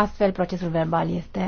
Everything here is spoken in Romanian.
Astfel, procesul verbal este